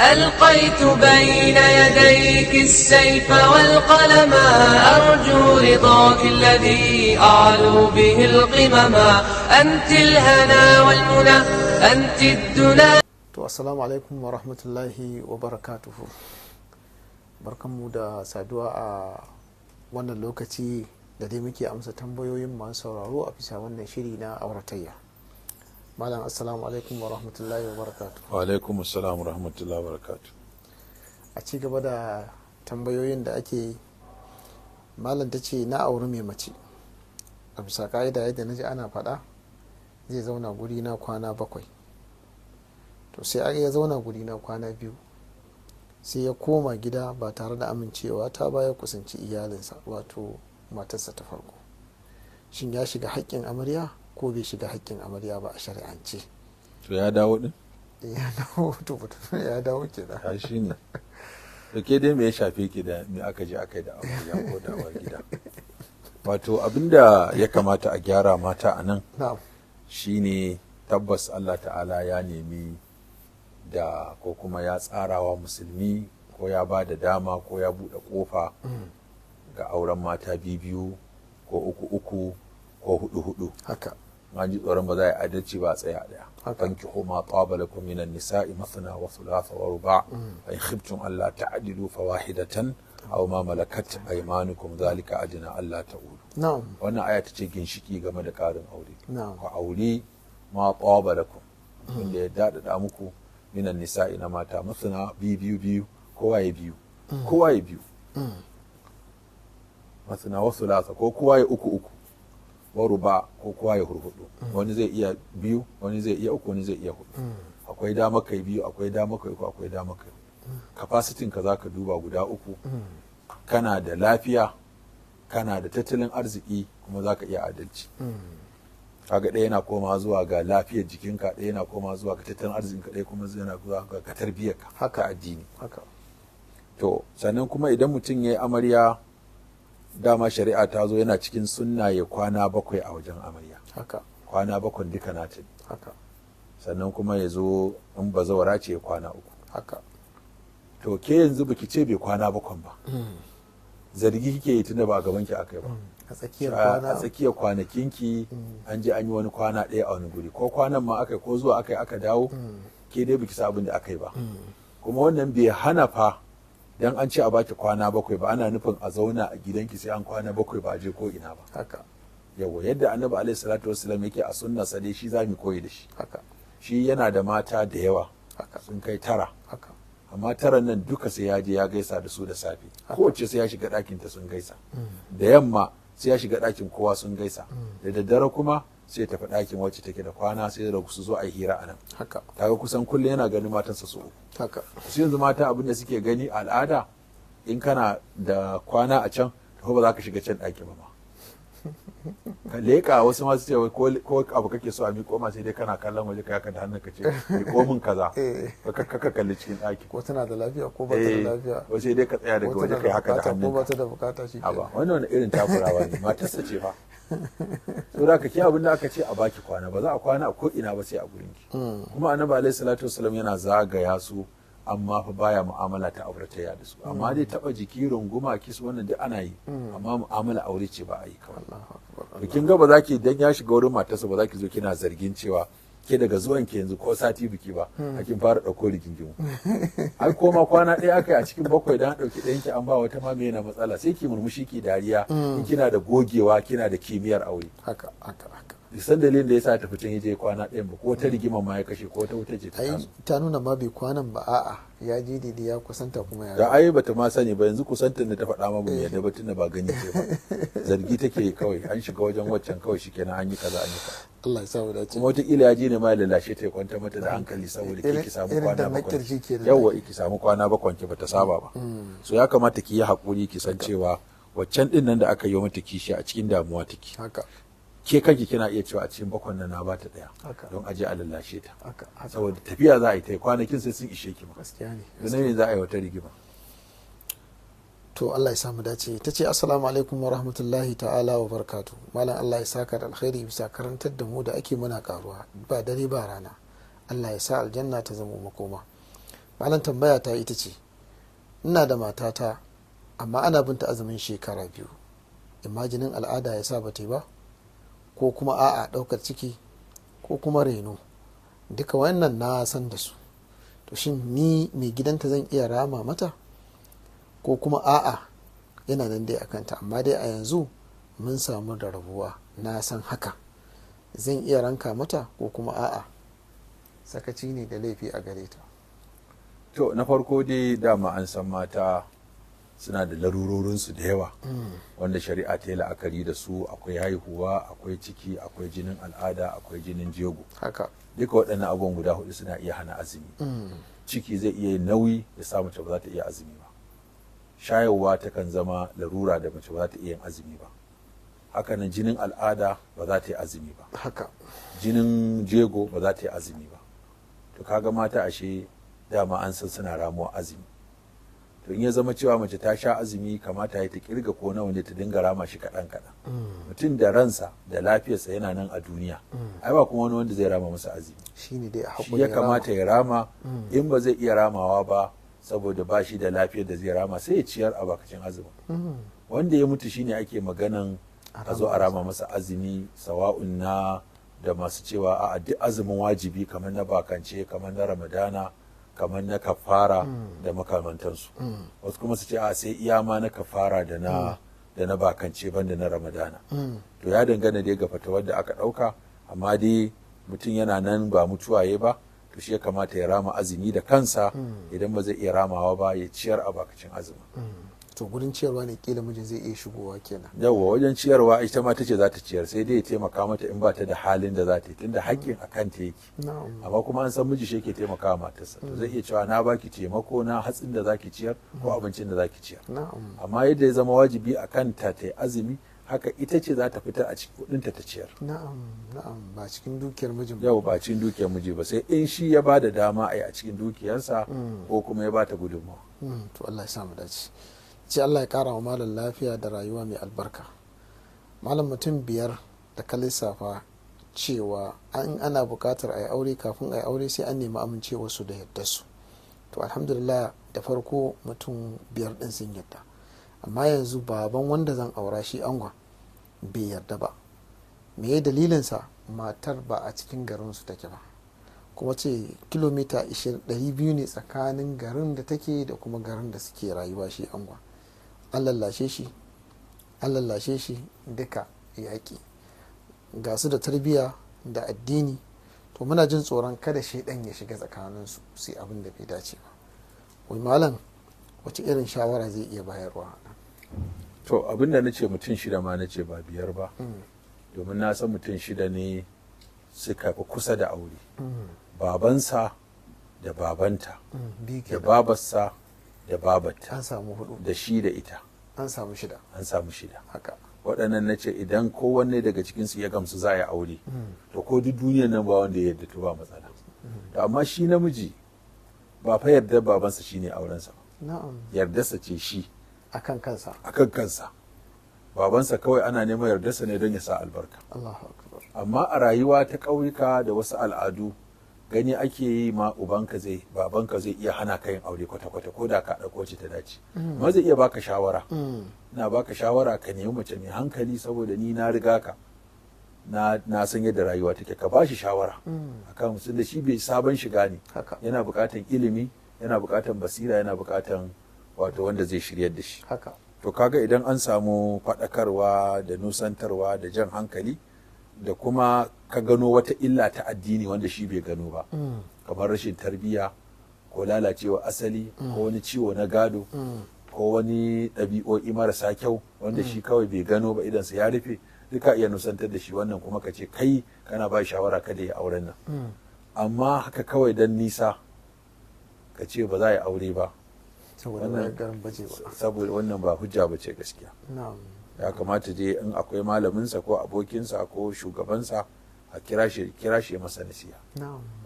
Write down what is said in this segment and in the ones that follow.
ألقيت بين يديك السيف والقلم أرجو رضاك الذي أعلو به القمم أنت الهنا والمنى أنت الدنا السلام عليكم ورحمة الله وبركاته بركم دا سادوا وانا لوكتي lokaci da dai muke amsa tambayoyin masu sauraro a bisa wannan malam assalamu alaikum wa rahmatullahi wa barakatu wa alaikum assalamu wa rahmatullahi wa barakatu a ci gaba da tambayoyin da ake malam ta ce na auri mai mace a bisa ka'ida yadda na ji ana faɗa zai zauna guri na kwana bakwai to sai a ya zauna guri na kwana biyu sai ya koma gida ba tare da amincewa ta baya kusanci iyalinsa wato matarsa ta farko shin ya shiga haƙƙin amarya ko bai shiga haƙƙin amarya ba a shari'ance to ya dawo din eh, ya dawo to ya dawo da. ha ne to ke dai me ya shafe ki da me aka je aka yi da amarya ko da gida wato abinda ya kamata a gyara mata a nan shine tabbas Allah ta'ala ya nemi da ko kuma ya tsarawa musulmi ko ya ba da dama ko ya buɗe ƙofa mm. ga auren mata biyu ko uku uku ko hudu hudu haka na ji tsoron ba za a yi adalci ba a tsaya daya kan fanki homa tabala kum minan nisa'i mathna wa thulatha wa ruba fa mm. Allah khiftum alla ta'dilu fawahidatan aw ma malakat aymanukum zalika adna Allah ta'ulu na'am wannan aya ce ginshiki game da karin aure ku aure ma tabala kum wanda mm. ya daɗaɗa muku minan nisa'i na mata masana biyu biyu biyu kowa ya biyu mm. kowa ya biyu Masana wa thulatha ko kowa ya uku uku waruba ko kowa ya hurhudu wani zai iya biyu wani zai iya uku wani zai iya hudu akwai dama kai biyu akwai dama kai uku akwai dama kai Kapasitin ka zaka duba guda uku kana da lafiya kana da tattalin arziki kuma zaka iya adalci kaga ɗaya yana koma zuwa ga lafiyar jikinka ɗaya yana koma zuwa ga tattalin arzikinka ɗaya kuma yana zuwa ga tarbiyyarka haka addini haka to sannan kuma idan mutum ya yi amarya dama shari'a ta zo yana cikin sunna ya kwana bakwai a wajen amarya kwana bakwai duka nata sannan kuma ya zo in ba zawara ce ya kwana uku to ke yanzu baki ce bai kwana bakwai ba hmm. zargi kike yi tunda ba a gaban ki akai ba hmm. a tsakiyar kwanakin ki hmm. an je an yi wani kwana ɗaya a wani guri ko kwanan ma akai ko zuwa akai aka dawo ke dai biki sa abin da akai ba kuma wannan bai hana fa Idan an ce a baki kwana bakwai ba ana nufin a zauna a gidanki sai an kwana bakwai ba a je ko ina ba haka yawa yadda annabi alaihi salatu wasallam yake a sunna sa dai shi zamu koyi da shi haka shi yana da mata da yawa haka sun kai tara haka amma taran nan duka sai ya je ya gaisa da su da safe kowace sai ya shiga ɗakin ta sun gaisa mm. da yamma sai ya shiga ɗakin kowa sun gaisa mm. da daddare kuma sai tafi ɗakin wacce take da kwana sai da su zo a hira a nan haka kaga kusan kullum yana ganin matansa su uku haka su yanzu mata abin da suke gani al'ada in kana da kwana a can to ba za ka shiga can ɗakin ba ma ka leƙa wasu masu cewa ko abu kake so a miƙo ma sai dai kana kallon waje kai da hannun ka ce miƙo min kaza eh. ka ka kalli cikin ɗaki ko tana da lafiya ko ba ta da eh. lafiya ko sai dai ka tsaya daga waje kai haka da hannun ko ba ta da bukata shi ke wannan wani irin takurawa ne matarsa ce fa saboda ka abin da aka ce a baki kwana ba za a kwana a koina ba sai a gurin ki hmm. kuma annabi alaihi salatu wasallam yana zagaya su amma fa baya mu'amala ta auratayya da su amma hmm. dai taba jiki runguma kisu wannan duk ana yi hmm. amma mu'amala aure ce ba a yi kawai kin ga ba za ki dan ya shiga wurin matarsa ba za ki zo kina zargin cewa ke daga zuwan ke yanzu ko sati biki ba a kin fara ɗauko rigingimu ai koma kwana ɗaya aka yi a cikin bakwai dan ɗauki ɗayan ki an ba wata ma mai yana matsala sai ki murmushi ki dariya mm. in kina da gogewa kina da kimiyyar aure haka haka haka san dalilin da sa tafi can je kwana ɗayan ba ko ta rigima ma ya kashe ko ta wuta ce ta taso ta nuna ma bai kwanan ba a'a ya je daidai ya kusanta kuma ya da ai bata ma sani ba yanzu kusantar da ta faɗa ma ba yadda ba tunda ba gani ce ba eh. zargi take kawai an shiga wajen waccan kawai shikenan an yi kaza an yi kaza Allah ya sa dace kuma wata ila ya je ne ma ya lalace ta ya kwanta mata da hankali saboda ke ki samu kwana bakwai yawa ki samu kwana bakwai ki bata saba ba mm. so ya kamata ki yi hakuri ki san cewa waccan ɗin nan da aka yi mata kishi a cikin damuwa take ke kanki kina iya cewa a cikin bakon nan na ba ta daya don aje a lallashe ta saboda tafiya za a yi ta kwanakin sai sun ishe ki ba gaskiya ne za a yi wata rigima to Allah ya samu dace ta ce assalamu alaikum wa rahmatullahi ta'ala wa barkatu malam Allah ya saka da alkhairi bisa karantar da mu da ake muna karuwa ba dare ba rana Allah ya sa aljanna ta zama makoma malam tambaya ta ita ce ina da matata amma ana binta azumin shekara biyu imajinin al'ada ya sa ta yi ba ko kuma a'a ɗaukar ciki ko kuma reno duka wannan na san da su to shin ni mai gidanta zan iya rama mata ko kuma a'a yana nan dai a kanta amma dai a yanzu mun samu da rabuwa na san haka zan iya ranka mata ko kuma a'a sakaci ne da laifi a gare ta to na farko dai dama an san mata suna da larurorinsu da yawa wanda shari'a ta yi la'akari da su akwai haihuwa akwai ciki akwai jinin al'ada akwai jinin jego haka duka waɗannan abubuwan guda hudu suna iya hana azumi ciki zai iya nauyi ya sa mace ba za ta iya azumi ba shayarwa takan zama larura da mace ba za ta iya yin azumi ba na jinin al'ada ba za ta yi azumi ba haka jinin jego ba za ta yi azumi ba to kaga mata ashe dama an san suna ramuwa azumi to in ya zama cewa mace ta sha azumi kamata ya ta kirga ko nawa ne ta dinga rama shi kaɗan kaɗan mm. mutum da ransa da lafiyarsa yana nan a duniya mm. ai ba kuma wani wanda zai rama masa azumi shine dai a hakuri ya kamata ya rama mm. in ba zai iya ramawa ba saboda ba shi da lafiyar da zai rama sai ya ciyar a bakacin azumi. wanda ya mutu shine ake maganan a zo a rama masa azumi sawa'un na da masu cewa a duk azumin wajibi kamar na bakance kamar na ramadana kamar na kafara da makamantansu wasu kuma su ce a sai iya ma na kafara da na da na bakance banda na ramadana to ya dangana dai ga fatawar da aka dauka amma dai mutum yana nan ba mutuwaye ba to shi ya kamata ya rama azumi da kansa idan ba zai iya ramawa ba ya ciyar a bakacin azumin to gurin ciyarwa ne kila mijin zai iya shigowa kenan yawwa wajen ciyarwa ita ma tace za ta ciyar sai dai ya taimaka mata in ba ta da halin da za ta yi tunda haƙƙin a kan ta yake amma kuma an san miji shi yake taimaka wa matarsa to zai iya cewa na baki taimako na hatsin da zaki ciyar ko mm. abincin da zaki ciyar amma yadda ya zama wajibi a kanta ta azumi haka ita ce za ta fita a cikin kudinta ta ciyar. Na'am, na'am, ba cikin dukiyar mijin ba. Yau ba cikin dukiyar miji ba sai in shi ya ba da dama a yi a cikin dukiyarsa mm. ko kuma ya ba gudunmawa. Mm, to Allah ya samu dace. ce allah ya kara wa malam lafiya da rayuwa mai albarka malam mutum biyar da ka lissafa cewa an ana bukatar a yi aure kafin a yi aure sai an nemi amincewa su da yadda su to alhamdulillah da farko mutum biyar din sun yadda amma yanzu baban wanda zan aura shi angon bai yarda ba me ya dalilinsa matar ba a cikin garinsu take ba kuma ce kilomita 200 ne tsakanin garin da take da kuma garin da suke rayuwa shi angon an lallashe shi an duka yaƙi ga su da tarbiyya da addini to muna jin tsoron kada ɗan ya shiga tsakaninsu su abin da bai dace ba wai malam wace irin shawara zai iya bayarwa to abin da na ce mutum shida ma na ce ba biyar ba mm. domin na san mutum shida ne suka fi kusa da aure mm. babansa da babanta mm, da babarsa da babat an samu hudu da shi da ita an samu shida an samu shida haka waɗannan na ce idan kowanne daga cikinsu ya gamsu za a yi aure hmm. to ko duk duniyar nan ba wanda ya yarda to ba matsala to amma shi namiji ba fa yarda babansa shine aurensa na'am yardarsa ce shi akan kansa akan kansa babansa kawai ana neman yardarsa ne don ya sa albarka Allahu akbar amma a rayuwa ta ƙauyuka da wasu al'adu gani ake yi ma ubanka zai babanka zai iya hana ka yin aure kwata-kwata ko da ka dauko ce ta dace mm. amma zai iya baka shawara mm. ina baka shawara ka nemi mace mai hankali saboda ni na riga ka na, na san yadda rayuwa take ka bashi shawara mm. akan sun da shi bai sabon shiga ne yana bukatan ilimi yana bukatan basira yana bukatan wato wanda zai shiryar da shi to kaga idan an samu faɗakarwa da nusantarwa da jan hankali da kuma ka gano wata illa ta addini wanda shi bai gano ba mm. kamar rashin tarbiyya ko lalacewa asali mm. ko wani ciwo na gado mm. ko wani ɗabi'o'i marasa kyau wanda shi kawai bai gano ba sa ya rufe duka iya nusantar da shi wannan kuma ka ce kai kana ba shawara kada ya auren nan amma haka kawai dan nisa ka ce ba za a aure ba saboda wannan ba hujja ba ce gaskiya ya kamata dai in akwai malaminsa ko abokinsa ko shugabansa a kira shi kira shi masa nasiha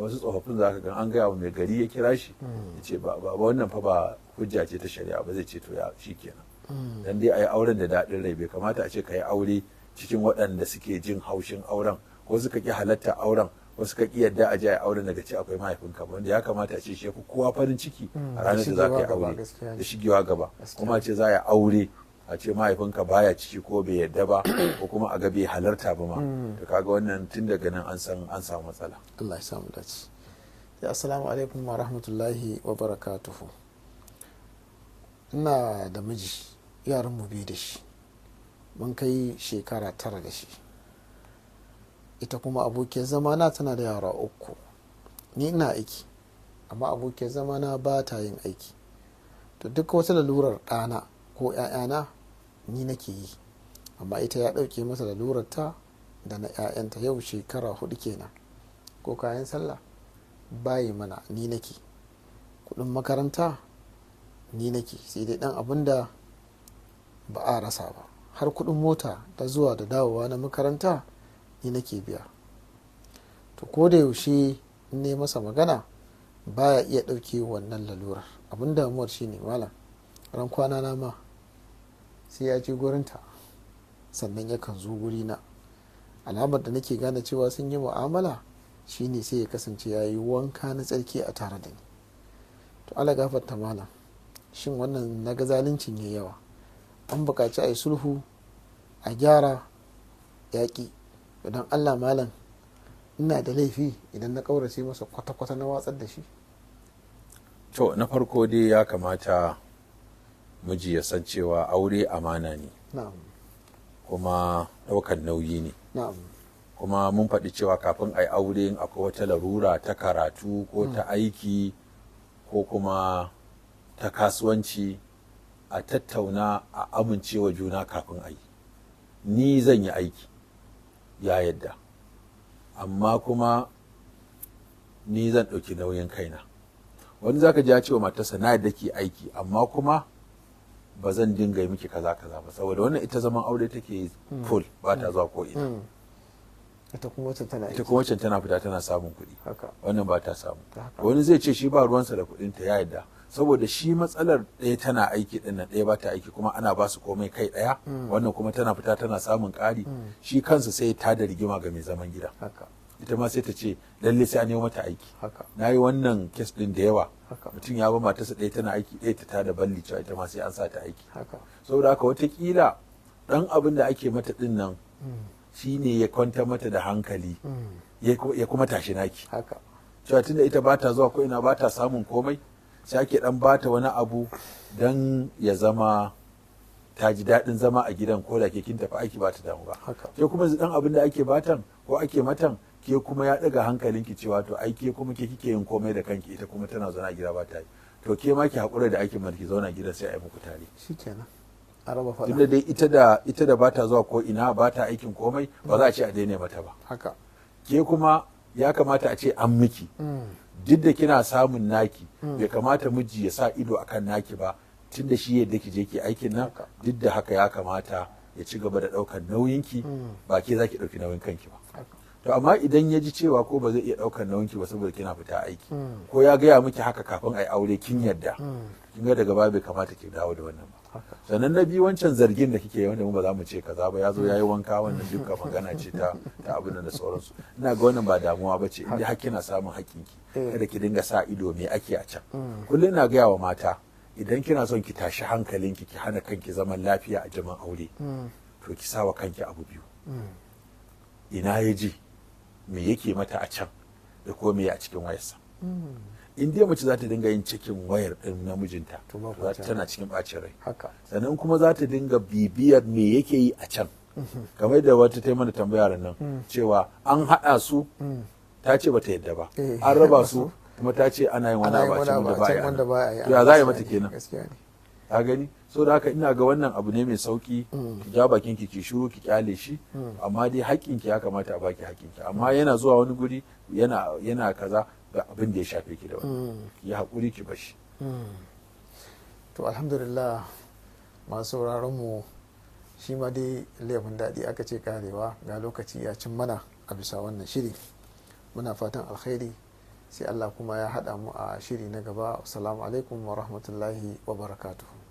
wasu tsofaffin zaka ga an gaya wa mai gari ya kira shi ya ce ba wannan fa ba hujja ce ta shari'a ba zai ce to ya kenan hmm. dan dai a yi auren da daɗin rai bai kamata a ce ka aure cikin waɗanda suke jin haushin auren ko suka ki halatta auren ko suka ki yadda a je a auren daga ce akwai mahaifinka wanda ya kamata a ce shi kowa farin ciki hmm. a ranar da za ka yi aure da shigewa gaba kuma ce za a yi aure a ce mahaifinka baya ciki ko bai yadda ba ko kuma a ga bai halarta ba ma hmm. to kaga wannan tun daga nan an san an samu matsala Allah ya samu dace ya assalamu alaikum wa rahmatullahi wa barakatuhu ina da miji yaran mu biyu da shi mun kai shekara tara da shi ita kuma abokiyar zamana tana da yara uku ni ina aiki amma abokiyar zamana ba ta yin aiki to duk wata lalurar ɗana ko 'ya'yana ni nake yi amma ita ya ɗauke masa lalurarta da na 'ya'yanta yau shekara hudu kenan ko kayan sallah bayi mana ni nake kudin makaranta ni nake sai dai dan abin da ba a rasa ba har kudin mota ta zuwa da dawowa na makaranta ni nake biya to ko da yaushe in ne masa magana baya iya ɗauke wannan lalurar abin damuwar shine malam ran kwana na ma sai ya je gurinta sannan yakan zo gurina alamar da nake gane cewa sun yi mu'amala shine sai ya kasance ya yi wanka na tsarki a tare da ni to ala gafarta malam shin wannan na ga zaluncin ya yawa an bukaci a yi sulhu a gyara yaƙi idan allah malam ina da laifi idan na ƙaurace masa kwata-kwata na watsar da shi to na farko dai ya kamata miji ya san cewa aure amana ne kuma ɗaukan nauyi ne kuma mun faɗi cewa kafin a yi aure akwai wata larura ta karatu ko ta hmm. aiki ko kuma ta kasuwanci a tattauna a amincewa juna kafin a yi ni zan yi aiki ya yadda amma kuma ni zan ɗauki nauyin kaina wani za ka ji ya ce wa matarsa na yadda ke aiki amma kuma ba zan dinga yi miki kaza kaza ba saboda wannan ita zaman aure take full ba ta zuwa ko ina hmm. Hmm. ita kuma wacce tana ita kuma wacce tana fita tana samun kuɗi wannan ba ta samu wani zai ce shi ba ruwansa da kuɗin ta ya yadda saboda shi matsalar ɗaya tana aiki ɗin nan ɗaya ba ta aiki kuma ana ba su komai kai ɗaya hmm. wannan kuma tana fita tana samun ƙari shi kansa sai ta da rigima ga mai zaman gida ita ma sai ta ce lalle sai an yi mata aiki na yi wannan kes din da yawa mutum ya ba matarsa ɗaya tana aiki ɗaya ta tada balli cewa ita ma sai an sa ta aiki saboda haka watakila ɗan abin da ake mata ɗin nan hmm. shine ya kwanta mata da hankali hmm. ya kuma tashi naki cewa tunda ita ba ta zuwa ko ina ba ta samun komai sai ake dan bata wani abu don ya zama ta ji daɗin zama a gidan ko da ke kin tafi aiki ba ta damu ba. Sai kuma dan abin da ake batan ko ake matan ke kuma ya ɗaga hankalinki cewa to ai ke kuma ke kike yin komai da kanki ita kuma tana zauna gida ba ta yi to ke ma ki haƙura da aikin mulki zauna gida sai a yi muku tare shikenan a faɗa dai ita da ita da bata zuwa ko ina bata aikin komai ba za a ce a daina mata ba haka ke kuma ya kamata a ce an miki mm. duk da kina samun naki mm. bai kamata miji ya sa ido akan naki ba tunda shi yadda ki je ki aikin nan duk da haka ya kamata ya ci gaba da ɗaukar nauyinki mm. ba ke za ki ɗauki nauyin kanki ba to amma idan ya ji cewa ko ba zai iya nauyin ki ba saboda kina fita aiki hmm. ko ya gaya miki haka kafin a yi aure kin yarda hmm. kin ga daga babu kamata ki dawo da wannan ba sannan na biyu wancan zargin da kike wanda mu ba za mu ce kaza ba ya zo ya yi hmm. wanka wannan duka magana ce ta ta abin da sauransu ina ga wannan ba damuwa ba ce inda har kina samun ki eh. kada ki dinga sa ido me ake a can kullum ina gaya wa mata idan kina son ki tashi hankalinki ki hana kanki zaman lafiya a jaman aure to ki sawa kanki abu biyu ina ya me yake mata a can da ko me a cikin wayarsa in dai mace za ta dinga yin cikin wayar din namijinta tana cikin bacin rai sannan kuma za ta dinga bibiyar me yake yi a can kamar da wata ta mana tambayar nan mm. cewa an haɗa su mm. ta ce bata yadda ba eh. an raba su kuma ta ce ana yin wani abacin wanda ba a yi a yi mata kenan ka gani so da haka ina ga wannan abu ne mai sauki mm. ki ja bakin ki ki shiru ki kyale shi mm. amma dai haƙƙin ki ya kamata a baki haƙƙin ki amma yana zuwa wani guri yana yana kaza ga abin da ya shafe ki da wani mm. ki haƙuri ki bashi to alhamdulillah masu sauraron mu shi ma dai laifin daɗi aka ce karewa ga lokaci ya cin mana a bisa wannan shiri muna fatan alkhairi sai allah kuma ya haɗa mu a shiri na gaba assalamu alaikum wa rahmatullahi wa barakatuhu